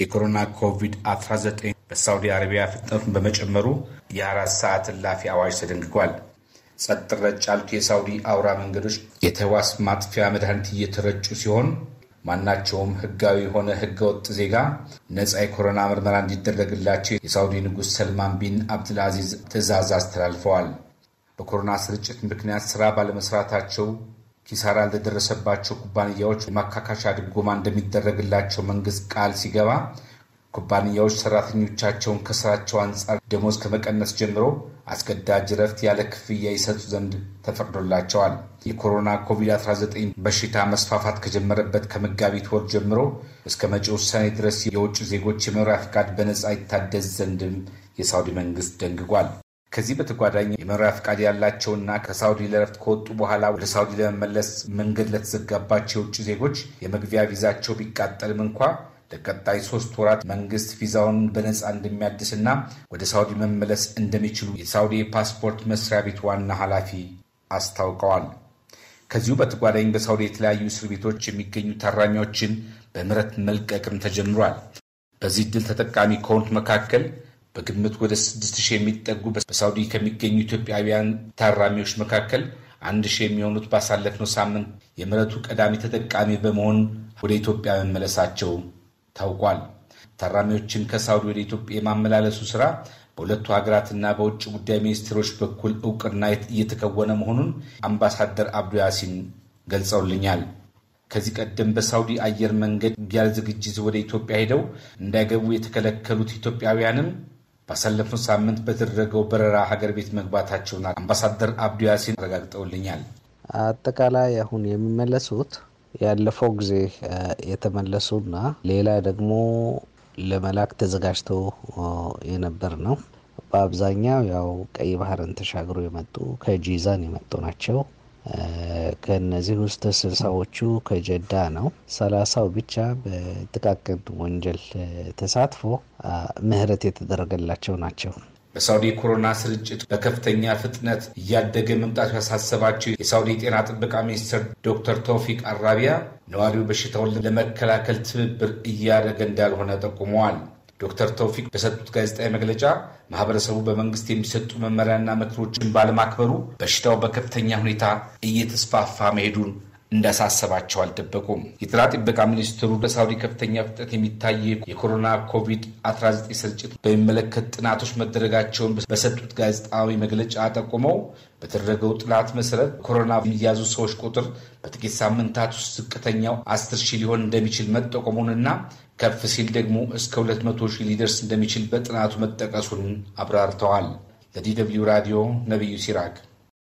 የኮሮና ኮቪድ-19 በሳውዲ አረቢያ ፍጥነቱን በመጨመሩ የአራት ሰዓት እላፊ አዋጅ ተደንግጓል። ጸጥ ረጭ ያሉት የሳውዲ አውራ መንገዶች የተዋስ ማጥፊያ መድኃኒት እየተረጩ ሲሆን ማናቸውም ህጋዊ የሆነ ህገወጥ ዜጋ ነፃ የኮሮና ምርመራ እንዲደረግላቸው የሳውዲ ንጉሥ ሰልማን ቢን አብድልአዚዝ ትእዛዝ አስተላልፈዋል። በኮሮና ስርጭት ምክንያት ስራ ባለመስራታቸው ኪሳራ ለደረሰባቸው ኩባንያዎች የማካካሻ ድጎማ እንደሚደረግላቸው መንግስት ቃል ሲገባ ኩባንያዎች ሰራተኞቻቸውን ከስራቸው አንጻር ደሞዝ ከመቀነስ ጀምሮ አስገዳጅ ረፍት ያለ ክፍያ ይሰጡ ዘንድ ተፈቅዶላቸዋል። የኮሮና ኮቪድ-19 በሽታ መስፋፋት ከጀመረበት ከመጋቢት ወር ጀምሮ እስከ መጪው ውሳኔ ድረስ የውጭ ዜጎች የመኖሪያ ፍቃድ በነፃ ይታደስ ዘንድም የሳውዲ መንግስት ደንግጓል። ከዚህ በተጓዳኝ የመኖሪያ ፈቃድ ያላቸውና ከሳውዲ ለረፍት ከወጡ በኋላ ወደ ሳውዲ ለመመለስ መንገድ ለተዘጋባቸው የውጭ ዜጎች የመግቢያ ቪዛቸው ቢቃጠልም እንኳ ለቀጣይ ሶስት ወራት መንግስት ቪዛውን በነፃ እንደሚያድስና ወደ ሳውዲ መመለስ እንደሚችሉ የሳውዲ የፓስፖርት መስሪያ ቤት ዋና ኃላፊ አስታውቀዋል። ከዚሁ በተጓዳኝ በሳውዲ የተለያዩ እስር ቤቶች የሚገኙ ታራሚዎችን በምህረት መልቀቅም ተጀምሯል። በዚህ ድል ተጠቃሚ ከሆኑት መካከል በግምት ወደ ስድስት ሺህ የሚጠጉ በሳውዲ ከሚገኙ ኢትዮጵያውያን ታራሚዎች መካከል አንድ ሺህ የሚሆኑት ባሳለፍነው ሳምንት የምህረቱ ቀዳሚ ተጠቃሚ በመሆን ወደ ኢትዮጵያ መመለሳቸው ታውቋል። ታራሚዎችን ከሳውዲ ወደ ኢትዮጵያ የማመላለሱ ስራ በሁለቱ ሀገራትና በውጭ ጉዳይ ሚኒስትሮች በኩል እውቅና እየተከወነ መሆኑን አምባሳደር አብዱ ያሲን ገልጸውልኛል። ከዚህ ቀደም በሳውዲ አየር መንገድ ያለ ዝግጅት ወደ ኢትዮጵያ ሄደው እንዳይገቡ የተከለከሉት ኢትዮጵያውያንም ባሳለፍነው ሳምንት በተደረገው በረራ ሀገር ቤት መግባታቸውን አምባሳደር አብዱ ያሲን አረጋግጠውልኛል። አጠቃላይ አሁን የሚመለሱት ያለፈው ጊዜ የተመለሱና ሌላ ደግሞ ለመላክ ተዘጋጅቶ የነበር ነው። በአብዛኛው ያው ቀይ ባህርን ተሻግሮ የመጡ ከጂዛን የመጡ ናቸው። ከእነዚህ ውስጥ ስልሳዎቹ ከጀዳ ነው። ሰላሳው ብቻ በጥቃቅን ወንጀል ተሳትፎ ምህረት የተደረገላቸው ናቸው። በሳውዲ ኮሮና ስርጭት በከፍተኛ ፍጥነት እያደገ መምጣቱ ያሳሰባቸው የሳውዲ ጤና ጥበቃ ሚኒስትር ዶክተር ተውፊቅ አራቢያ ነዋሪው በሽታውን ለመከላከል ትብብር እያደረገ እንዳልሆነ ጠቁመዋል። ዶክተር ተውፊቅ በሰጡት ጋዜጣዊ መግለጫ ማህበረሰቡ በመንግስት የሚሰጡ መመሪያና ምክሮችን ባለማክበሩ በሽታው በከፍተኛ ሁኔታ እየተስፋፋ መሄዱን እንዳሳሰባቸው አልደበቁም። የጤና ጥበቃ ሚኒስትሩ በሳውዲ ከፍተኛ ፍጥነት የሚታይ የኮሮና ኮቪድ-19 ስርጭት በሚመለከት ጥናቶች መደረጋቸውን በሰጡት ጋዜጣዊ መግለጫ ጠቁመው በተደረገው ጥናት መሰረት ኮሮና የሚያዙ ሰዎች ቁጥር በጥቂት ሳምንታት ውስጥ ዝቅተኛው አስር ሺህ ሊሆን እንደሚችል መጠቆሙንና ከፍ ሲል ደግሞ እስከ 200 ሺህ ሊደርስ እንደሚችል በጥናቱ መጠቀሱን አብራርተዋል። ለዲ ደብልዩ ራዲዮ ነቢዩ ሲራክ